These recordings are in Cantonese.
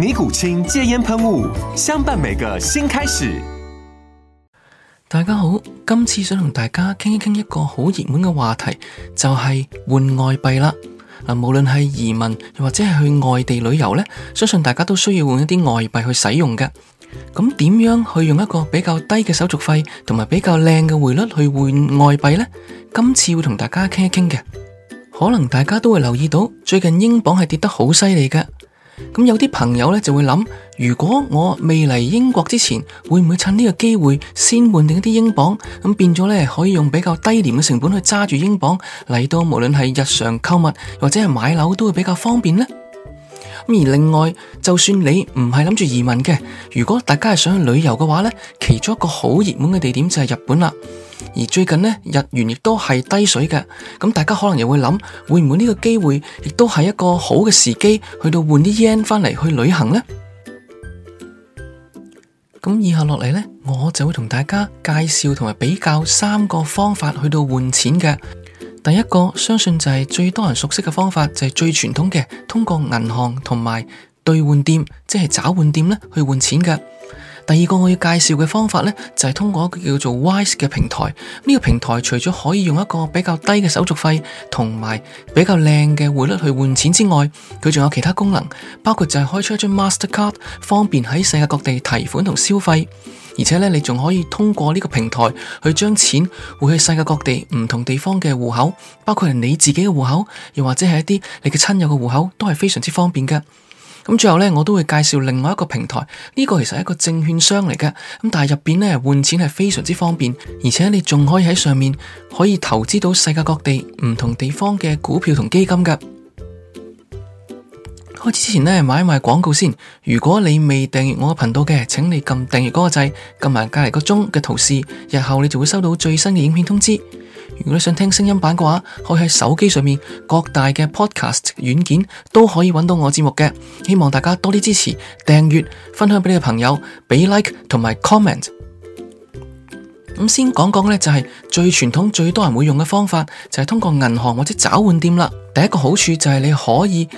尼古清戒煙噴霧，相伴每個新開始。大家好，今次想同大家傾一傾一個好熱門嘅話題，就係換外幣啦。嗱，無論係移民又或者係去外地旅遊咧，相信大家都需要換一啲外幣去使用嘅。咁點樣去用一個比較低嘅手續費同埋比較靚嘅匯率去換外幣呢？今次會同大家傾一傾嘅，可能大家都會留意到，最近英鎊係跌得好犀利嘅。咁有啲朋友咧就會諗，如果我未嚟英國之前，會唔會趁呢個機會先換定一啲英鎊，咁變咗咧可以用比較低廉嘅成本去揸住英鎊嚟到，無論係日常購物或者係買樓都會比較方便呢。咁而另外，就算你唔係諗住移民嘅，如果大家係想去旅遊嘅話呢，其中一個好熱門嘅地點就係日本啦。而最近呢，日元亦都係低水嘅，咁大家可能又會諗，會唔會呢個機會亦都係一個好嘅時機，去到換啲 yen 翻嚟去旅行呢？咁以下落嚟呢，我就會同大家介紹同埋比較三個方法去到換錢嘅。第一個相信就係最多人熟悉嘅方法，就係、是、最傳統嘅，通過銀行同埋兌換店，即係找換店呢去換錢嘅。第二個我要介紹嘅方法呢，就係通過一個叫做 Wise 嘅平台。呢個平台除咗可以用一個比較低嘅手續費，同埋比較靚嘅匯率去換錢之外，佢仲有其他功能，包括就係開出一張 Mastercard，方便喺世界各地提款同消費。而且呢，你仲可以通過呢個平台去將錢匯去世界各地唔同地方嘅戶口，包括係你自己嘅戶口，又或者係一啲你嘅親友嘅戶口，都係非常之方便嘅。咁最後呢，我都會介紹另外一個平台，呢個其實係一個證券商嚟嘅，咁但係入邊呢，換錢係非常之方便，而且你仲可以喺上面可以投資到世界各地唔同地方嘅股票同基金噶。開始之前呢，買賣廣告先。如果你未訂閱我嘅頻道嘅，請你撳訂閱嗰個掣，撳埋隔離個鐘嘅圖示，日後你就會收到最新嘅影片通知。如果你想聽聲音版嘅話，可以喺手機上面各大嘅 Podcast 軟件都可以揾到我節目嘅。希望大家多啲支持訂閱、分享俾你嘅朋友、俾 like 同埋 comment。咁先講講呢，就係最傳統最多人會用嘅方法，就係通過銀行或者找換店啦。第一個好處就係你可以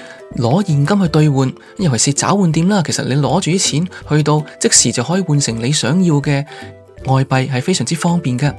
攞現金去兌換，尤其是找換店啦。其實你攞住啲錢去到即時就可以換成你想要嘅外幣，係非常之方便嘅。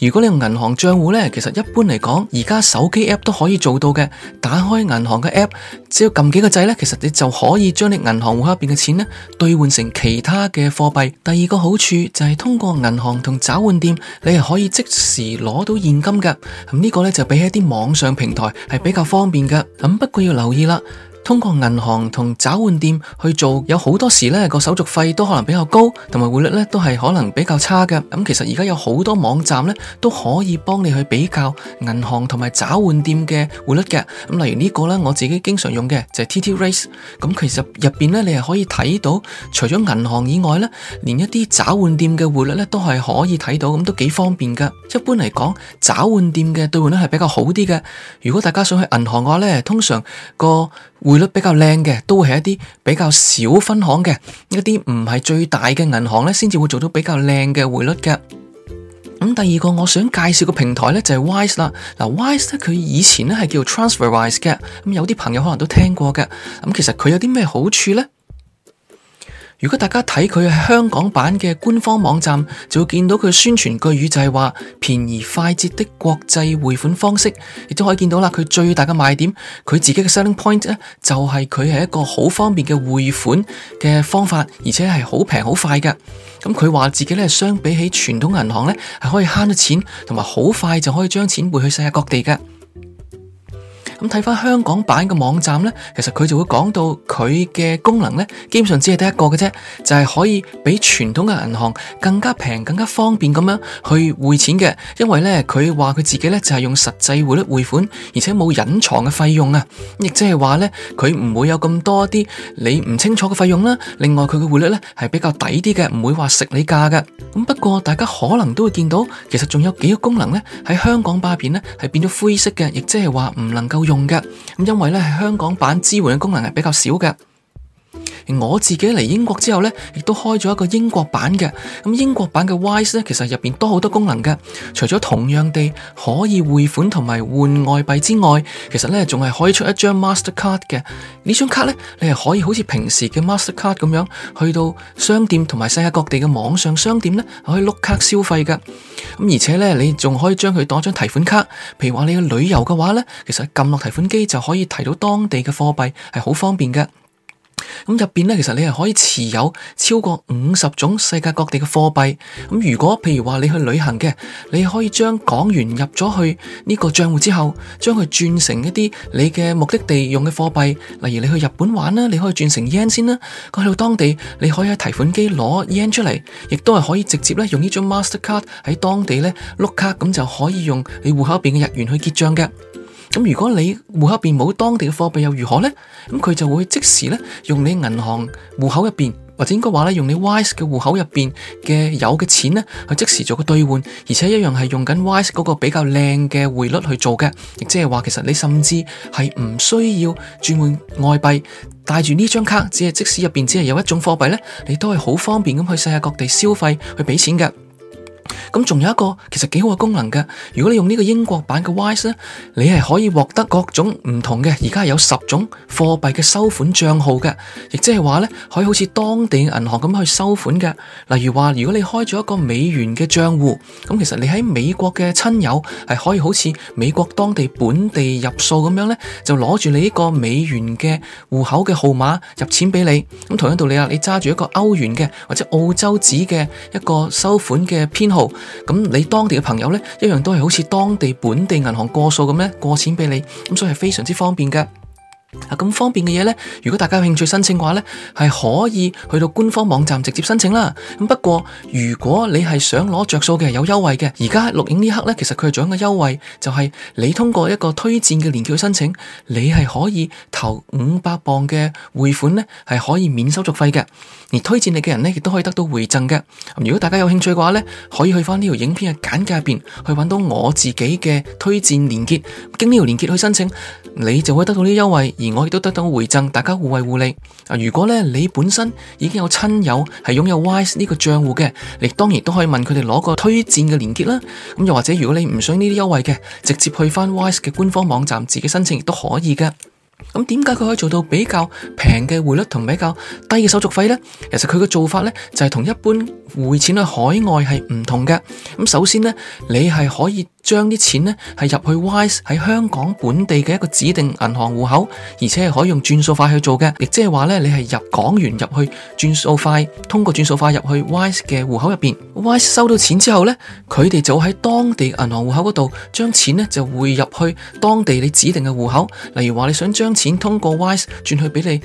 如果你用銀行賬戶呢，其實一般嚟講，而家手機 app 都可以做到嘅。打開銀行嘅 app，只要撳幾個掣呢，其實你就可以將你銀行戶口入邊嘅錢呢，兌換成其他嘅貨幣。第二個好處就是通過銀行同找換店，你是可以即時攞到現金㗎。咁呢個呢，就比起一啲網上平台是比較方便嘅。咁不過要留意啦。通過銀行同找換店去做，有好多時呢個手續費都可能比較高，同埋匯率呢都係可能比較差嘅。咁其實而家有好多網站呢都可以幫你去比較銀行同埋找換店嘅匯率嘅。咁例如呢個呢，我自己經常用嘅就係 TTRate。咁其實入邊呢，你係可以睇到，除咗銀行以外呢，連一啲找換店嘅匯率呢都係可以睇到，咁都幾方便嘅。一般嚟講，找換店嘅兌換率係比較好啲嘅。如果大家想去銀行嘅話呢，通常個匯率比較靚嘅，都係一啲比較少分行嘅一啲唔係最大嘅銀行咧，先至會做到比較靚嘅匯率嘅。咁、嗯、第二個我想介紹嘅平台咧，就係 Wise 啦。嗱，Wise 咧，佢以前咧係叫 Transferwise 嘅，咁、嗯、有啲朋友可能都聽過嘅。咁、嗯、其實佢有啲咩好處咧？如果大家睇佢係香港版嘅官方網站，就會見到佢宣傳句語就係話便宜快捷的國際匯款方式，亦都可以見到啦。佢最大嘅賣點，佢自己嘅 selling point 咧，就係佢係一個好方便嘅匯款嘅方法，而且係好平好快嘅。咁佢話自己咧，相比起傳統銀行咧，係可以慳到錢，同埋好快就可以將錢匯去世界各地嘅。咁睇翻香港版嘅網站呢，其實佢就會講到佢嘅功能呢，基本上只係得一個嘅啫，就係可以比傳統嘅銀行更加平、更加方便咁樣去匯錢嘅。因為呢，佢話佢自己呢就係用實際匯率匯款，而且冇隱藏嘅費用啊，亦即係話呢，佢唔會有咁多一啲你唔清楚嘅費用啦。另外，佢嘅匯率呢係比較抵啲嘅，唔會話食你價㗎。咁不過大家可能都會見到，其實仲有幾個功能呢，喺香港版呢係變咗灰色嘅，亦即係話唔能夠。用嘅咁，因為咧，香港版支援嘅功能係比較少嘅。我自己嚟英國之後呢，亦都開咗一個英國版嘅。咁英國版嘅 Wise 呢，其實入邊多好多功能嘅。除咗同樣地可以匯款同埋換外幣之外，其實呢仲係可以出一張 Mastercard 嘅。呢張卡呢，你係可以好似平時嘅 Mastercard 咁樣，去到商店同埋世界各地嘅網上商店呢，可以碌卡消費噶。咁而且呢，你仲可以將佢當張提款卡。譬如話你去旅遊嘅話呢，其實撳落提款機就可以提到當地嘅貨幣，係好方便嘅。咁入邊咧，其實你係可以持有超過五十種世界各地嘅貨幣。咁如果譬如話你去旅行嘅，你可以將港元入咗去呢個賬戶之後，將佢轉成一啲你嘅目的地用嘅貨幣。例如你去日本玩啦，你可以轉成 yen 先啦。佢去到當地你可以喺提款機攞 yen 出嚟，亦都係可以直接咧用呢張 MasterCard 喺當地咧碌卡，咁就可以用你戶口入邊嘅日元去結賬嘅。咁如果你戶口入邊冇當地嘅貨幣又如何呢？咁佢就會即時呢，用你銀行戶口入邊，或者應該話呢，用你 Wise 嘅戶口入邊嘅有嘅錢呢，去即時做個兌換，而且一樣係用緊 Wise 嗰個比較靚嘅匯率去做嘅，亦即係話其實你甚至係唔需要轉換外幣，帶住呢張卡，只係即使入邊只係有一種貨幣呢，你都係好方便咁去世界各地消費去畀錢嘅。咁仲有一個其實幾好嘅功能嘅，如果你用呢個英國版嘅 Wise 咧，你係可以獲得各種唔同嘅，而家係有十種貨幣嘅收款賬號嘅，亦即係話咧可以好似當地銀行咁去收款嘅。例如話，如果你開咗一個美元嘅賬戶，咁其實你喺美國嘅親友係可以好似美國當地本地入數咁樣咧，就攞住你呢個美元嘅戶口嘅號碼入錢俾你。咁同樣道理啦，你揸住一個歐元嘅或者澳洲紙嘅一個收款嘅編號。咁你當地嘅朋友咧，一樣都係好似當地本地銀行過數咁咧，過錢俾你，咁所以係非常之方便嘅。啊咁方便嘅嘢呢，如果大家有興趣申請嘅話呢，係可以去到官方網站直接申請啦。咁不過如果你係想攞着數嘅，有優惠嘅，而家錄影呢刻呢，其實佢係做緊個優惠，就係，就係你通過一個推薦嘅連結去申請，你係可以投五百磅嘅匯款呢係可以免手續費嘅。而推薦你嘅人呢，亦都可以得到回贈嘅。如果大家有興趣嘅話呢，可以去翻呢條影片嘅簡介入邊去揾到我自己嘅推薦連結，經呢條連結去申請。你就會得到呢啲優惠，而我亦都得到回贈，大家互惠互利。啊，如果咧你本身已經有親友係擁有 Wise 呢個賬戶嘅，你當然都可以問佢哋攞個推薦嘅連結啦。咁又或者如果你唔想呢啲優惠嘅，直接去翻 Wise 嘅官方網站自己申請亦都可以嘅。咁點解佢可以做到比較平嘅匯率同比較低嘅手續費呢？其實佢嘅做法咧就係、是、同一般匯錢去海外係唔同嘅。咁首先咧，你係可以。將啲錢呢係入去 Wise 喺香港本地嘅一個指定銀行戶口，而且係可以用轉數快去做嘅，亦即係話呢你係入港元入去轉數快，通過轉數快入去 Wise 嘅戶口入邊，Wise 收到錢之後呢佢哋就喺當地銀行戶口嗰度將錢呢就匯入去當地你指定嘅戶口，例如話你想將錢通過 Wise 轉去俾你。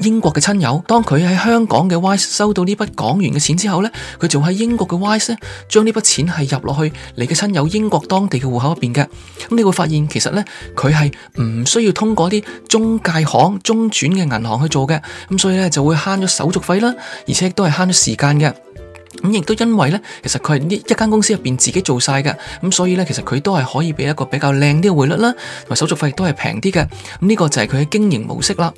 英國嘅親友，當佢喺香港嘅 Wise 收到呢筆港元嘅錢之後呢，佢就喺英國嘅 Wise 呢將呢筆錢係入落去嚟嘅親友英國當地嘅戶口入邊嘅。咁你會發現其實呢，佢係唔需要通過啲中介行中轉嘅銀行去做嘅。咁所以呢就會慳咗手續費啦，而且亦都係慳咗時間嘅。咁亦都因為呢，其實佢係呢一間公司入邊自己做晒嘅。咁所以呢，其實佢都係可以俾一個比較靚啲嘅匯率啦，同埋手續費都係平啲嘅。咁呢個就係佢嘅經營模式啦。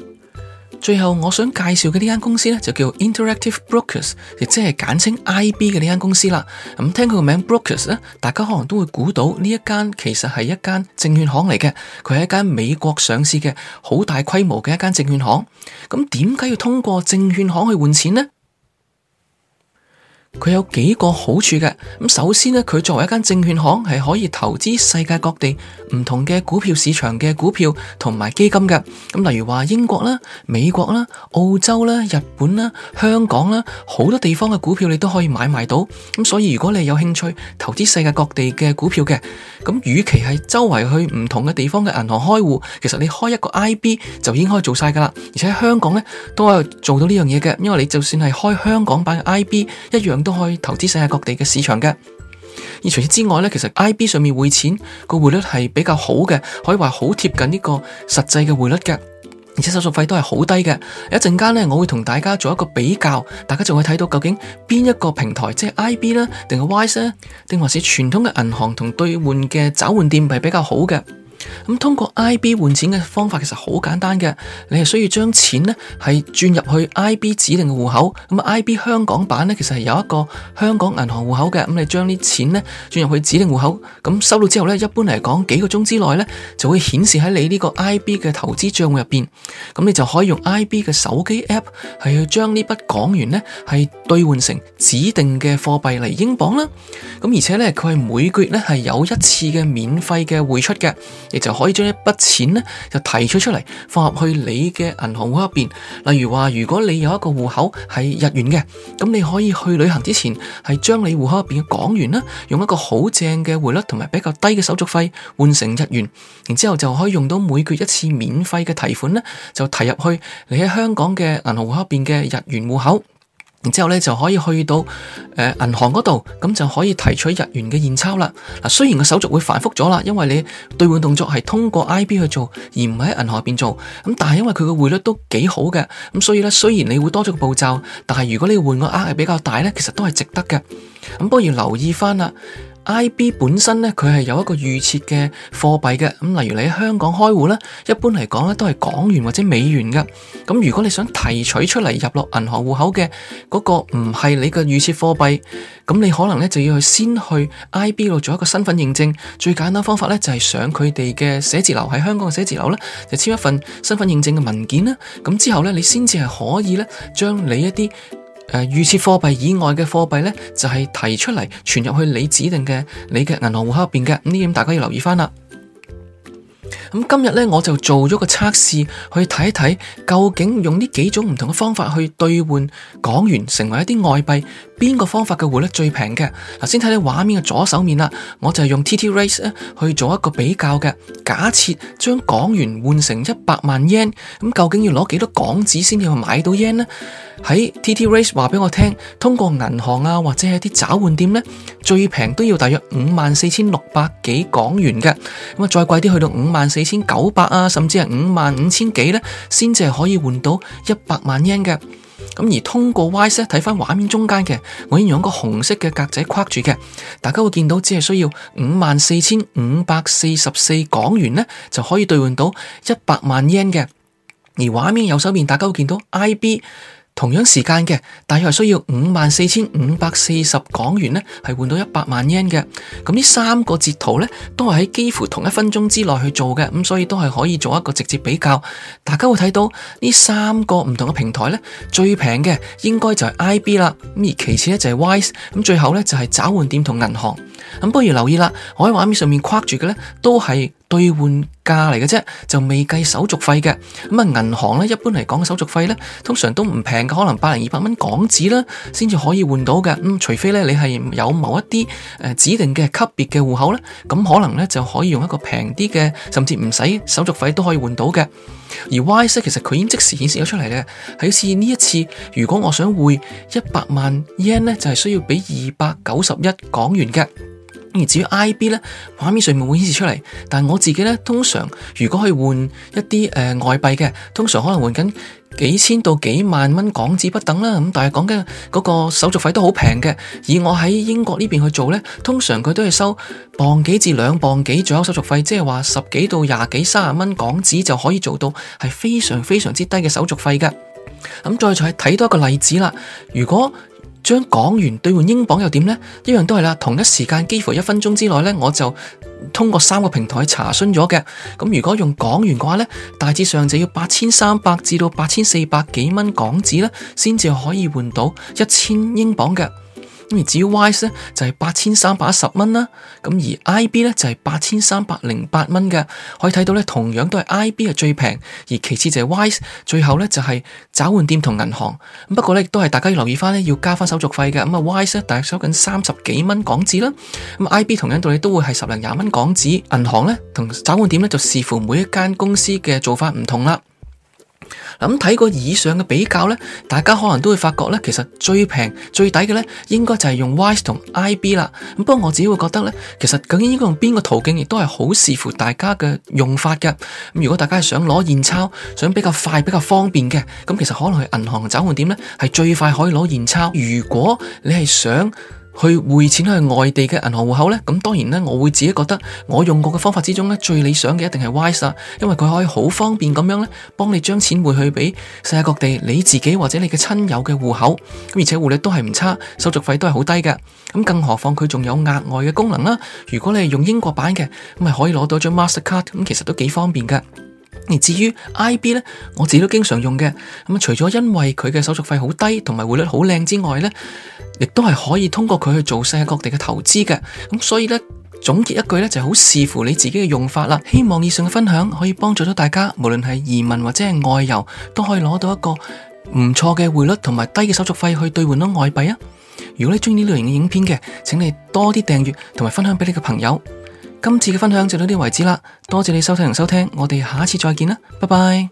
最後我想介紹嘅呢間公司呢，就叫 Interactive Brokers，亦即係簡稱 IB 嘅呢間公司啦。咁、嗯、聽佢個名 Brokers 呢，大家可能都會估到呢一間其實係一間證券行嚟嘅。佢係一間美國上市嘅好大規模嘅一間證券行。嗯、點解要通過證券行去換錢呢？佢有幾個好處嘅，咁首先呢，佢作為一間證券行係可以投資世界各地唔同嘅股票市場嘅股票同埋基金嘅，咁例如話英國啦、美國啦、澳洲啦、日本啦、香港啦，好多地方嘅股票你都可以買賣到，咁所以如果你有興趣投資世界各地嘅股票嘅，咁與其係周圍去唔同嘅地方嘅銀行開戶，其實你開一個 IB 就已經可以做晒噶啦，而且香港呢都係做到呢樣嘢嘅，因為你就算係開香港版嘅 IB 一樣。都可以投資世界各地嘅市場嘅，而除此之外咧，其實 IB 上面匯錢個匯率係比較好嘅，可以話好貼近呢個實際嘅匯率嘅，而且手續費都係好低嘅。一陣間咧，我會同大家做一個比較，大家就會睇到究竟邊一個平台，即係 IB 咧，定係 Wise 咧，定還是傳統嘅銀行同兌換嘅找換店係比較好嘅。咁通過 IB 換錢嘅方法其實好簡單嘅，你係需要將錢呢係轉入去 IB 指定嘅戶口。咁 IB 香港版呢其實係有一個香港銀行戶口嘅，咁你將啲錢呢轉入去指定戶口，咁收到之後呢，一般嚟講幾個鐘之內呢就會顯示喺你呢個 IB 嘅投資賬戶入邊。咁你就可以用 IB 嘅手機 app 係去將呢筆港元呢係兌換成指定嘅貨幣嚟英鎊啦。咁而且呢，佢係每個月呢係有一次嘅免費嘅匯出嘅。也就可以將一筆錢呢，就提取出嚟，放入去你嘅銀行戶口入邊。例如話，如果你有一個戶口係日元嘅，咁你可以去旅行之前，係將你戶口入邊嘅港元呢，用一個好正嘅匯率同埋比較低嘅手續費換成日元，然之後就可以用到每月一次免費嘅提款呢，就提入去你喺香港嘅銀行戶口入邊嘅日元戶口。然之後咧就可以去到誒、呃、銀行嗰度，咁就可以提取日元嘅現鈔啦。嗱，雖然個手續會繁複咗啦，因為你兌換動作係通過 IB 去做，而唔係喺銀行入邊做，咁但係因為佢嘅匯率都幾好嘅，咁所以咧雖然你會多咗個步驟，但係如果你換個額係比較大咧，其實都係值得嘅。咁不如留意翻啦。IB 本身咧，佢係有一個預設嘅貨幣嘅，咁例如你喺香港開戶咧，一般嚟講咧都係港元或者美元嘅。咁如果你想提取出嚟入落銀行戶口嘅嗰個唔係你嘅預設貨幣，咁你可能咧就要去先去 IB 度做一個身份認證。最簡單方法咧就係上佢哋嘅寫字樓，喺香港嘅寫字樓咧，就簽一份身份認證嘅文件啦。咁之後咧你先至係可以咧將你一啲。誒，預設貨幣以外嘅貨幣呢，就係提出嚟存入去你指定嘅你嘅銀行戶口入邊嘅，這呢點大家要留意返啦。咁今日呢，我就做咗個測試，去睇一睇究竟用呢幾種唔同嘅方法去兌換港元成為一啲外幣，邊個方法嘅匯率最平嘅？嗱，先睇睇畫面嘅左手面啦，我就用 TTRate 咧去做一個比較嘅。假設將港元換成一百萬 yen，咁究竟要攞幾多港紙先至去買到 yen 呢？喺 TTRate 話俾我聽，通過銀行啊或者係一啲找換店呢，最平都要大約五萬四千六百幾港元嘅。咁啊，再貴啲去到五萬四。四千九百啊，00，甚至係五萬五千幾咧，先至係可以換到一百萬日圓嘅。咁而通過 Wise 睇翻畫面中間嘅，我已經用個紅色嘅格仔框住嘅，大家會見到只係需要五萬四千五百四十四港元咧，就可以兌換到一百萬日圓嘅。而畫面右手邊，大家會見到 IB。同樣時間嘅，大約需要五萬四千五百四十港元咧，係換到一百萬日圓嘅。咁呢三個截圖咧，都係喺幾乎同一分鐘之內去做嘅，咁所以都係可以做一個直接比較。大家會睇到呢三個唔同嘅平台咧，最平嘅應該就係 IB 啦，咁而其次咧就係 Wise，咁最後咧就係找換店同銀行。咁不如留意啦，我喺畫面上面框住嘅咧都係兌換價嚟嘅啫，就未計手續費嘅。咁啊，銀行咧一般嚟講手續費咧，通常都唔平嘅，可能百零二百蚊港紙啦，先至可以換到嘅。咁除非咧，你係有某一啲誒指定嘅級別嘅戶口咧，咁可能咧就可以用一個平啲嘅，甚至唔使手續費都可以換到嘅。而 Y 息其實佢已經即時顯示咗出嚟嘅。喺似呢一次，如果我想匯一百萬 yen 咧，就係需要俾二百九十一港元嘅。至於 IB 呢，畫面上面會顯示出嚟。但我自己呢，通常如果去換換一啲、呃、外幣嘅，通常可能換緊幾千到幾萬蚊港紙不等啦。咁但係講緊嗰個手續費都好平嘅。以我喺英國呢邊去做呢，通常佢都係收磅幾至兩磅幾左右手續費，即係話十幾到廿幾、三十蚊港紙就可以做到，係非常非常之低嘅手續費嘅。咁、嗯、再再睇多一個例子啦，如果，將港元兌換英鎊又點呢？一樣都係啦，同一時間幾乎一分鐘之內咧，我就通過三個平台查詢咗嘅。咁如果用港元嘅話咧，大致上就要八千三百至到八千四百幾蚊港紙咧，先至可以換到一千英鎊嘅。咁而至於 Wise 呢，就係八千三百一十蚊啦，咁而 IB 呢，就係八千三百零八蚊嘅，可以睇到呢，同樣都係 IB 係最平，而其次就係 Wise，最後呢就係找換店同銀行。咁不過呢，亦都係大家要留意返呢要加返手續費嘅。咁啊 Wise 呢大概收緊三十幾蚊港紙啦，咁 IB 同樣道理都會係十零廿蚊港紙，銀行呢，同找換店呢，就視乎每一間公司嘅做法唔同啦。咁睇過以上嘅比較呢，大家可能都會發覺呢，其實最平最抵嘅呢應該就係用 Wise 同 IB 啦。咁不過我自己會覺得呢，其實究竟應該用邊個途徑，亦都係好視乎大家嘅用法嘅。咁如果大家係想攞現鈔，想比較快比較方便嘅，咁其實可能去銀行找換點呢，係最快可以攞現鈔。如果你係想，去匯錢去外地嘅銀行戶口呢，咁當然呢，我會自己覺得我用過嘅方法之中呢，最理想嘅一定係 Wise，因為佢可以好方便咁樣呢，幫你將錢匯去俾世界各地你自己或者你嘅親友嘅戶口，咁而且匯率都係唔差，手續費都係好低嘅，咁更何況佢仲有額外嘅功能啦。如果你係用英國版嘅，咁係可以攞到張 Mastercard，咁其實都幾方便噶。至於 IB 咧，我自己都經常用嘅。咁啊，除咗因為佢嘅手續費好低同埋匯率好靚之外咧，亦都係可以通過佢去做世界各地嘅投資嘅。咁所以咧，總結一句咧，就係好視乎你自己嘅用法啦。希望以上嘅分享可以幫助到大家，無論係移民或者係外遊，都可以攞到一個唔錯嘅匯率同埋低嘅手續費去兌換到外幣啊！如果你中意呢類型嘅影片嘅，請你多啲訂閱同埋分享俾你嘅朋友。今次嘅分享就到呢度為止啦，多謝你收聽和收聽，我哋下一次再見啦，拜拜。